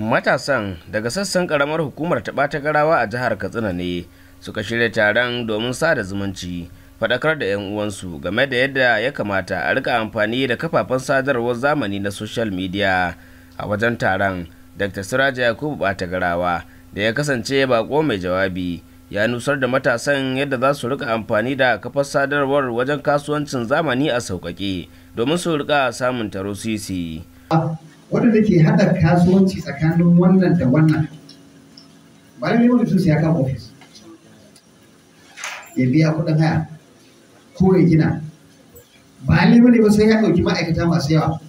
matasan daga sassan karamar hukumar ta ɓata garawa a jihar katsina ne suka shirya taron domin sada zumunci faɗakar da 'yan uwansu game da yadda ya kamata a rika amfani da kafafen sadarwar zamani na social media a wajen taron dr siraja yakubu ɓata garawa da ya kasance bako mai jawabi ya nusar da matasan yadda za su rika amfani da kafar sadarwar wajen kasuwancin zamani a sauƙaƙe domin su rika samun taro sisi waɗanda ke hada kasuwanci tsakanin wannan da wannan ba ne wani sun ya kama ofis ya biya kuɗin haya ko ya gina ba ne bane ba sai ya ɗauki ma'aikata masu yawa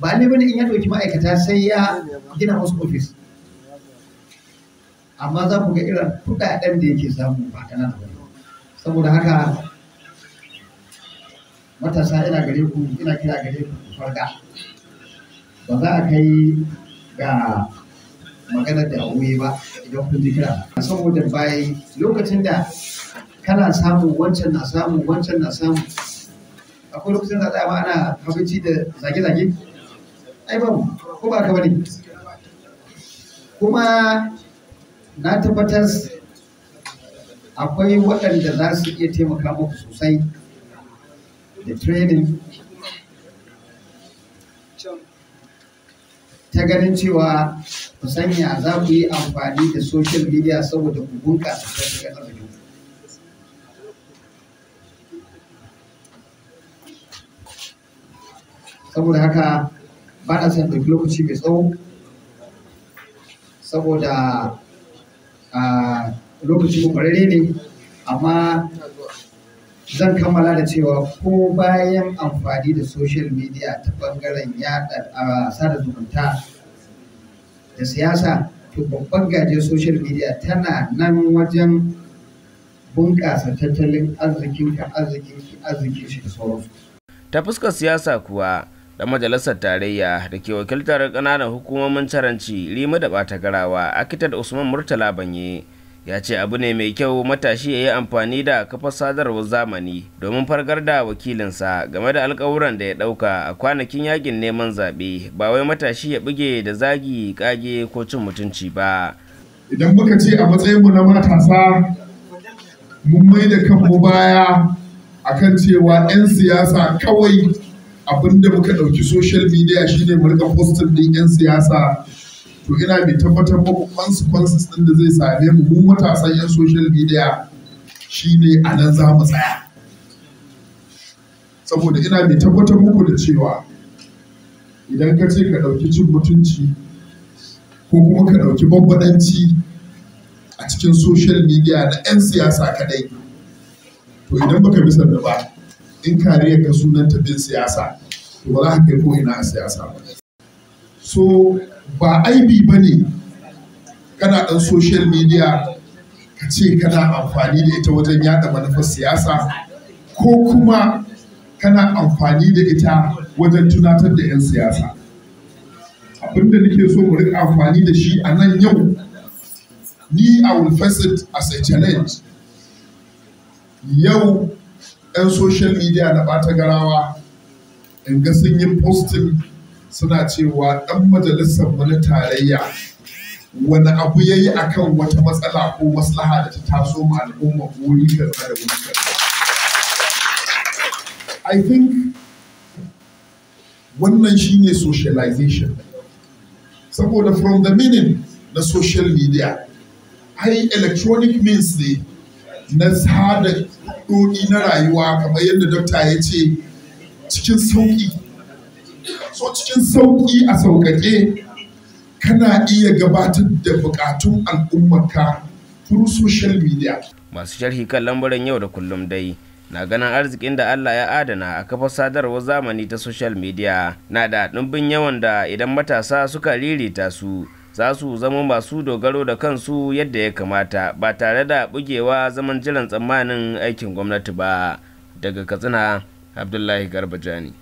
ba ne bane in ya ɗauki ma'aikata sai ya gina wasu ofis amma za ku ga irin kudaden da yake samu ba ta nan saboda haka matasa ina gare ku ina kira gare ku farga ba za a kai ga maganar da auye ba idan kun ji kira saboda bai lokacin da kana samu wancan na samu wancan na samu akwai lokacin da za ana abinci da zage-zage ai ba ko ba ka bane kuma na tabbatar akwai waɗanda za su iya taimaka muku sosai da training ta ganin cewa ku sanya za ku yi amfani da social media saboda ku bunƙasa tattalin arziki saboda haka ba na san ɗauki lokaci mai tsawo saboda ah, lokaci mu ne amma zan kammala da cewa ko bayan amfani da social media ta bangaren yada a sada zumunta da siyasa to babban gaje social media tana nan wajen bunƙasa tattalin arzikin ka arzikin ki arzikin shi da sauransu ta fuskar siyasa kuwa da majalisar tarayya da ke wakiltar ƙananan hukumomin caranci rima da ɓata garawa akitar usman murtala banye ya ce abu ne mai kyau matashi ya yi amfani da kafar sadarwar zamani domin fargar da wakilinsa game da alkawuran da ya ɗauka a kwanakin yakin neman zaɓe ba wai matashi ya buge da zagi kage ko cin mutunci ba idan muka ce a matsayinmu na matasa mun mai da kanmu baya akan cewa 'yan siyasa kawai abin da muka ɗauki social media shine mu rika postin ɗin 'yan siyasa to ina mai tabbatar muku consequences ɗin da zai same mu mu matasan 'yan social media shine a nan za mu tsaya saboda ina mai tabbatar muku da cewa idan ka ce ka ɗauki cin mutunci ko kuma ka ɗauki babbaɗanci a cikin social media na 'yan siyasa kadai to idan baka bi sanda ba in kariya ka sunanta bin siyasa to ba za ka kai ko ina a siyasa ba so ba aibi ba ne kana ɗan social media ka ce kana amfani da ita wajen yada manufar siyasa ko kuma kana amfani da ita wajen tunatar da 'yan siyasa abinda nake so mu rika amfani da shi a nan yau ni a will face it as a challenge yau 'yan social media na ɓata garawa in ga sun yi posting suna cewa ɗan majalisar wani tarayya wani abu ya yi a kan wata matsala ko maslaha da ta taso ma al'umma ko wuri karfa da wani karfa. I think wannan shi ne socialization. Saboda from the meaning na social media, ai electronic means ne na sada kuɗoɗi na rayuwa kamar yadda dokta ya ce cikin sauƙi so cikin sauƙi a sauƙaƙe kana iya gabatar da buƙatun al'ummarka through social media masu sharhi kan lambarin yau da kullum dai na ganin arzikin da Allah ya adana a kafar sadarwar zamani ta social media na da ɗumbin yawan da idan matasa suka ririta su za su zama masu dogaro da kansu yadda ya kamata ba tare da bugewa zaman jiran tsammanin aikin gwamnati ba daga katsina abdullahi garbajani